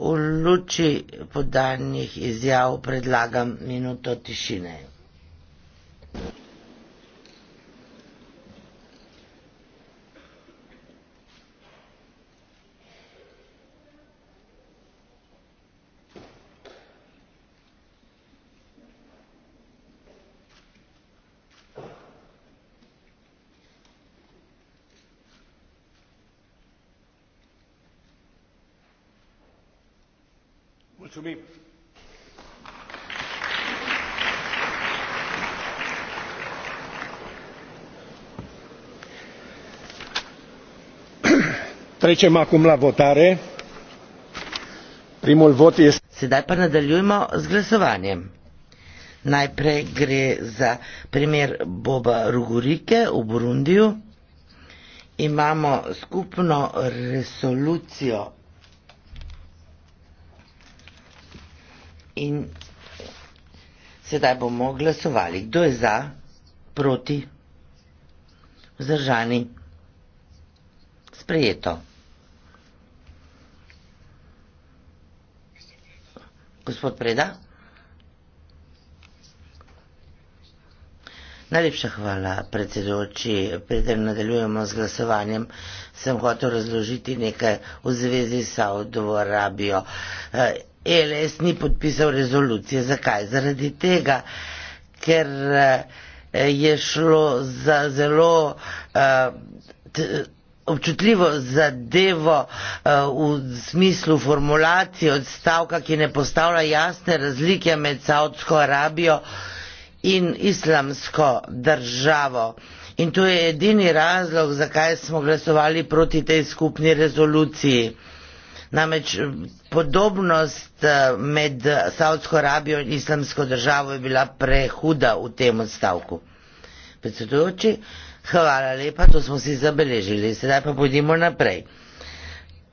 v luči podanjih izjav predlagam minuto tišine. to me. Trečem acum la votare. Primul vot este... Sedaj pa nadaljujemo z glasovanjem. Najprej gre za primer Boba Rugurike v Burundiju. Imamo skupno resolucijo In sedaj bomo glasovali, kdo je za, proti, vzdržani, sprejeto. Gospod Preda? Najlepša hvala, predsedoči. Preden nadaljujemo z glasovanjem, sem hotel razložiti nekaj v zvezi s Saudovo Arabijo. Eh, E LS ni podpisal rezolucije. Zakaj? Zaradi tega, ker eh, je šlo za zelo uh, občutljivo zadevo uh, v smislu formulacije odstavka, ki ne postavlja jasne razlike med Saudsko Arabijo in islamsko državo. In to je edini razlog, zakaj smo glasovali proti tej skupni rezoluciji. Namreč eh, podobnost eh, med Saudsko Arabijo in islamsko državo je bila prehuda v tem odstavku. Predsedujoči, hvala lepa, to smo si zabeležili. Sedaj pa pojdimo naprej.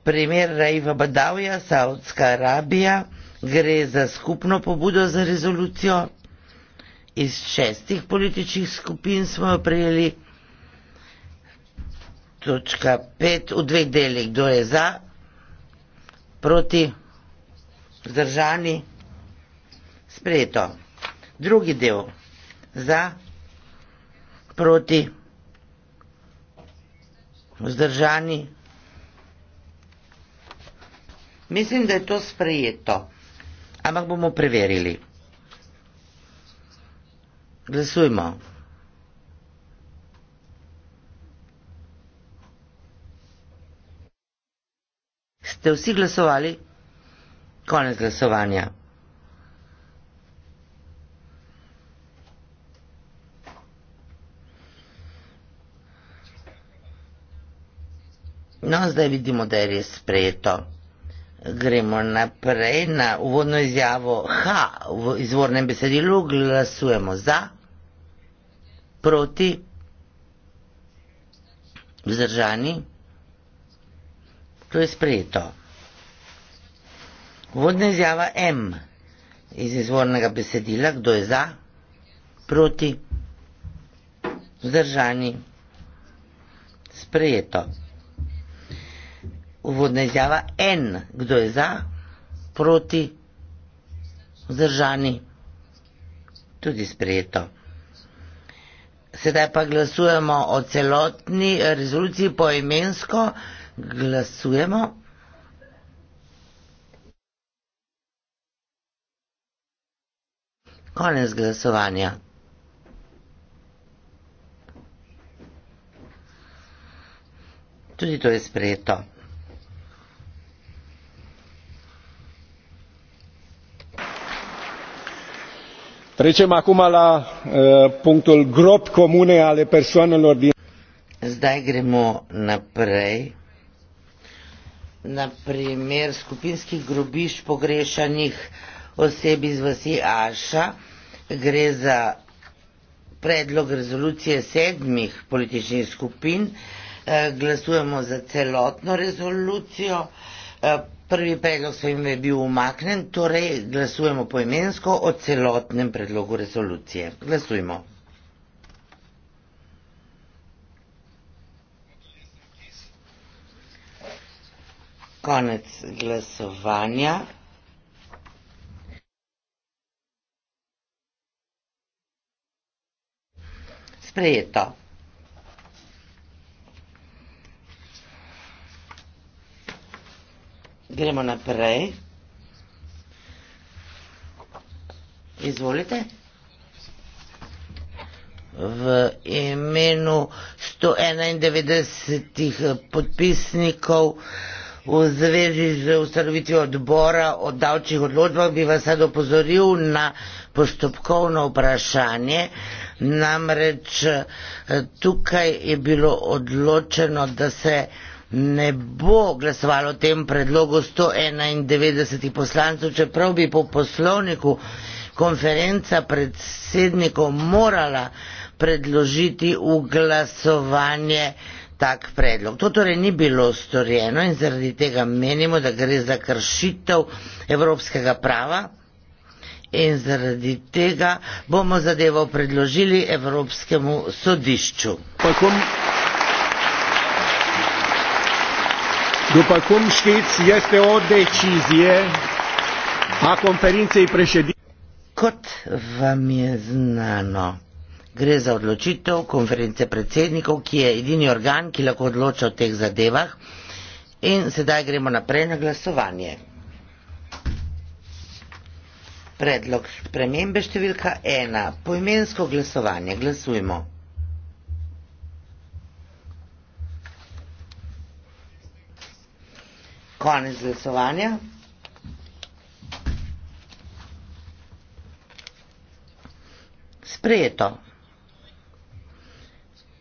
Primer Raiva Badavija, Saudska Arabija, gre za skupno pobudo za rezolucijo. Iz šestih političnih skupin smo jo prijeli. Točka pet v dveh delih, kdo je za, proti zdržani sprejeto. Drugi del za proti vzdržani. Mislim, da je to sprejeto, ampak bomo preverili. Glasujmo. ste vsi glasovali? Konec glasovanja. No, zdaj vidimo, da je res sprejeto. Gremo naprej na uvodno izjavo H v izvornem besedilu. Glasujemo za, proti, vzdržani. To je sprejeto. Vodna izjava M iz izvornega besedila, kdo je za, proti, vzdržani, sprejeto. Uvodna izjava N, kdo je za, proti, vzdržani, tudi sprejeto. Sedaj pa glasujemo o celotni rezoluciji poimensko. imensko. Glasujemo. Konec glasovanja. Tudi to je sprejeto. Rečem, ako mala eh, punktul grob komune ali personalno ordinacijo. Zdaj gremo naprej naprimer skupinskih grobišč pogrešanih osebi iz vasi Aša, gre za predlog rezolucije sedmih političnih skupin, e, glasujemo za celotno rezolucijo, e, prvi predlog s tem je bil umaknen, torej glasujemo poimensko o celotnem predlogu rezolucije. Glasujmo. konec glasovanja. Sprejeto. Gremo naprej. Izvolite. V imenu 191 podpisnikov v zvezi z ustanovitvijo odbora o davčnih odločbah bi vas sad opozoril na postopkovno vprašanje. Namreč eh, tukaj je bilo odločeno, da se ne bo glasovalo o tem predlogu 191 poslancev, čeprav bi po poslovniku konferenca predsednikov morala predložiti v glasovanje tak predlog. To torej ni bilo storjeno in zaradi tega menimo, da gre za kršitev evropskega prava in zaradi tega bomo zadevo predložili Evropskemu sodišču. Kot vam je znano, gre za odločitev konference predsednikov, ki je edini organ, ki lahko odloča o teh zadevah. In sedaj gremo naprej na glasovanje. Predlog spremembe številka ena. Poimensko glasovanje. Glasujmo. Konec glasovanja. Sprejeto.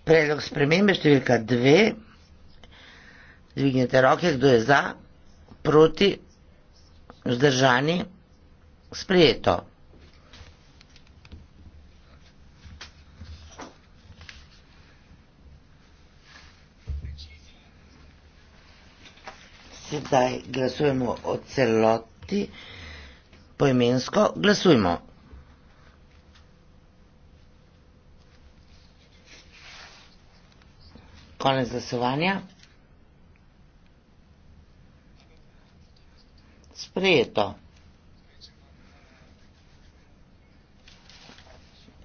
Predlog spremembe številka dve. Dvignite roke, kdo je za, proti, vzdržani, sprejeto. Sedaj glasujemo o celoti, poimensko glasujmo. konec glasovanja. Sprejeto.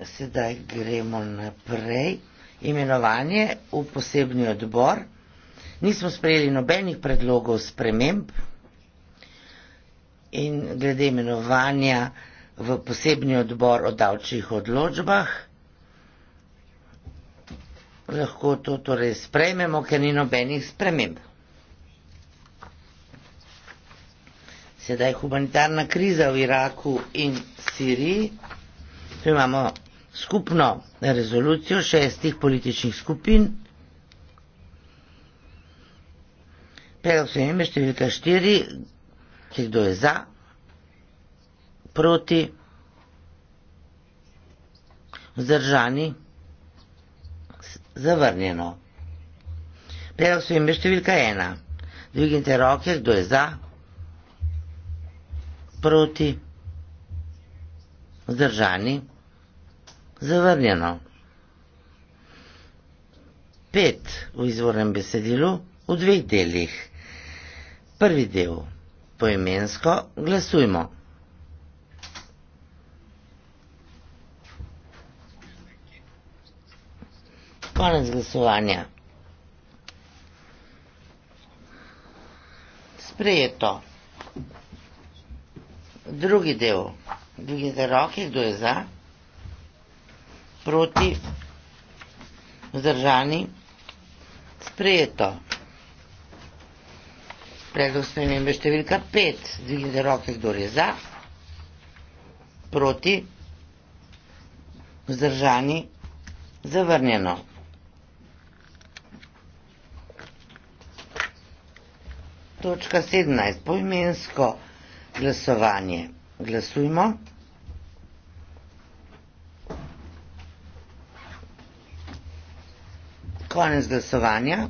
Sedaj gremo naprej. Imenovanje v posebni odbor. Nismo sprejeli nobenih predlogov sprememb in glede imenovanja v posebni odbor o davčnih odločbah lahko to torej sprejmemo, ker ni nobenih sprememb. Sedaj je humanitarna kriza v Iraku in Siriji. Tu imamo skupno rezolucijo šestih političnih skupin. Predlog se ime številka štiri, ki kdo je za, proti, vzdržani zavrnjeno. Predlog so imeli številka ena. Dvignite roke, kdo je za, proti, vzdržani, zavrnjeno. Pet v izvornem besedilu v dveh delih. Prvi del poimensko glasujmo. konec glasovanja. Sprejeto. Drugi del. Drugi za roke, kdo je za? Proti? Vzdržani? Sprejeto. Predlog spremembe številka 5. Dvignite roke, kdo je za, proti, vzdržani, zavrnjeno. Točka 17. Poimensko glasovanje. Glasujmo. Konec glasovanja.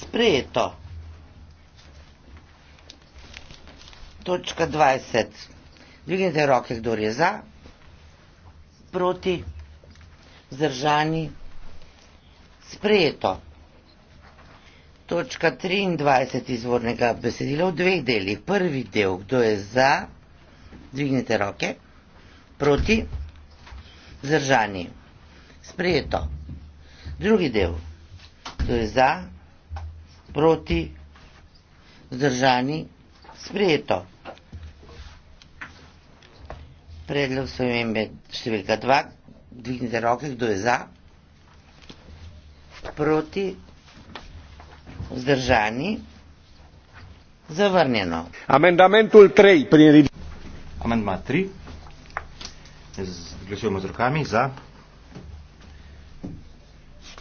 Sprejeto. Točka 20. Dvignite roke, kdo je za, proti, zdržani. Sprejeto. Točka 23 izvornega besedila v dveh delih. Prvi del, kdo je za, dvignite roke, proti, zdržani, sprejeto. Drugi del, kdo je za, proti, zdržani, sprejeto. Predlog so imeme številka 2, dvignite roke, kdo je za, proti, zdržani vzdržani zavrnjeno amendamentul trei prin amendma tri glasujemo z rokami za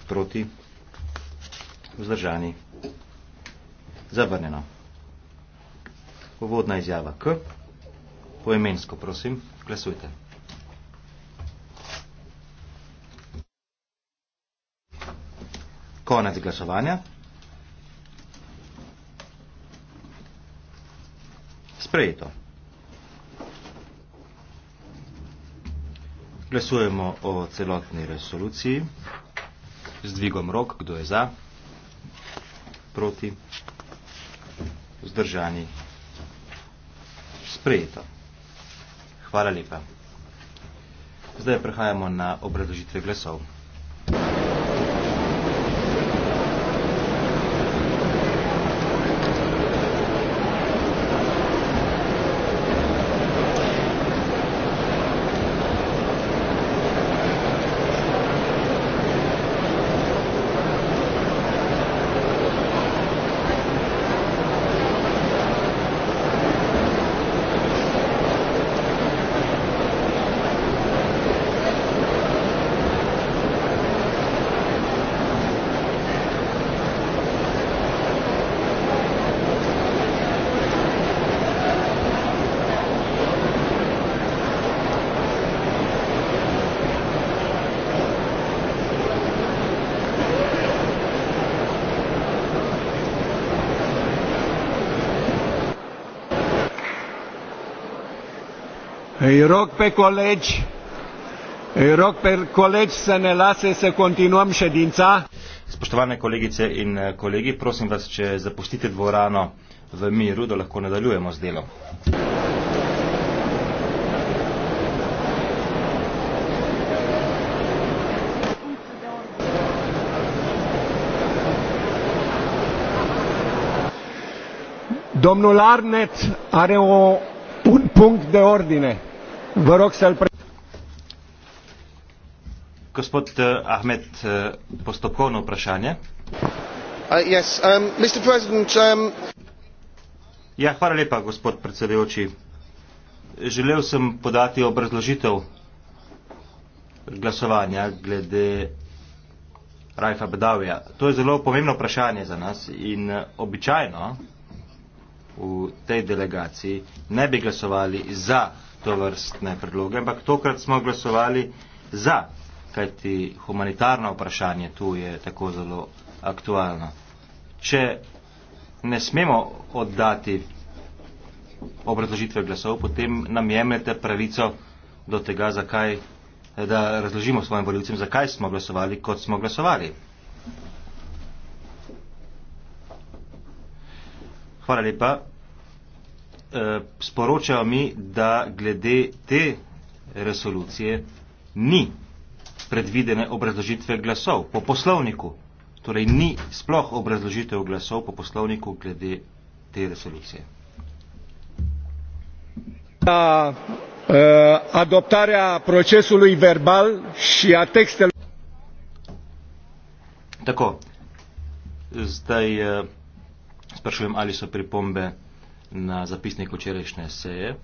proti vzdržani zavrnjeno uvodna izjava k poimensko prosim glasujte konec glasovanja sprejeto. Glasujemo o celotni resoluciji. Z dvigom rok, kdo je za, proti, vzdržani, sprejeto. Hvala lepa. Zdaj prehajamo na obrazložitve glasov. îi rog pe colegi îi rog pe colegi să ne lase să continuăm ședința Spoštovane kolegice in eh, kolegi, prosim vas, če zapustite dvorano v miru, da lahko nadaljujemo z delom. Domnul Arnet are o, un punct de ordine. Vă rog să-l pre... Gospod uh, Ahmed, uh, postopkovno vprašanje. Uh, yes, um, Mr. President, um... Ja, hvala lepa, gospod predsedujoči. Želel sem podati obrazložitev glasovanja glede Rajfa Bedavija. To je zelo pomembno vprašanje za nas in eh, običajno v tej delegaciji ne bi glasovali za to vrstne predloge, ampak tokrat smo glasovali za, kajti humanitarno vprašanje tu je tako zelo aktualno. Če ne smemo oddati obrazložitve glasov, potem nam jemljete pravico do tega, zakaj, da razložimo svojim voljivcem, zakaj smo glasovali, kot smo glasovali. Hvala lepa. Eh, sporočajo mi, da glede te resolucije ni predvidene obrazložitve glasov po poslovniku. Torej ni sploh obrazložitev glasov po poslovniku glede te resolucije. A, uh, eh, adoptarea procesului verbal și a textelor. Tako, zdaj uh, sprašujem, ali so pripombe na zapisnik včerajšnje seje.